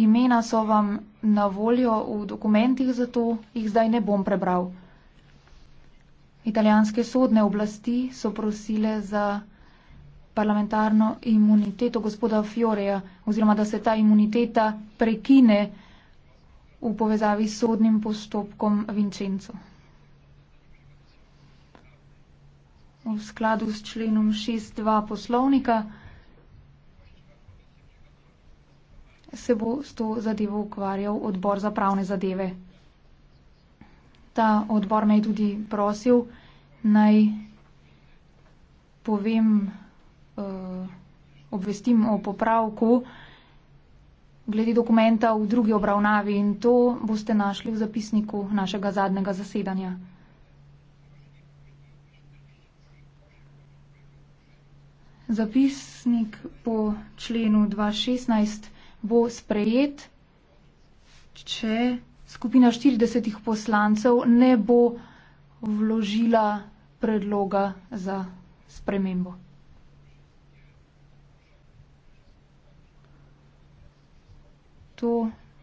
Imena so vam na voljo v dokumentih, zato jih zdaj ne bom prebral. Italijanske sodne oblasti so prosile za parlamentarno imuniteto gospoda Fioreja oziroma da se ta imuniteta prekine v povezavi s sodnim postopkom Vincenco. V skladu s členom 6.2 poslovnika. se bo s to zadevo ukvarjal odbor za pravne zadeve. Ta odbor me je tudi prosil, naj povem, eh, obvestim o popravku glede dokumenta v drugi obravnavi in to boste našli v zapisniku našega zadnjega zasedanja. Zapisnik po členu 216 bo sprejet, če skupina 40 poslancev ne bo vložila predloga za spremembo. To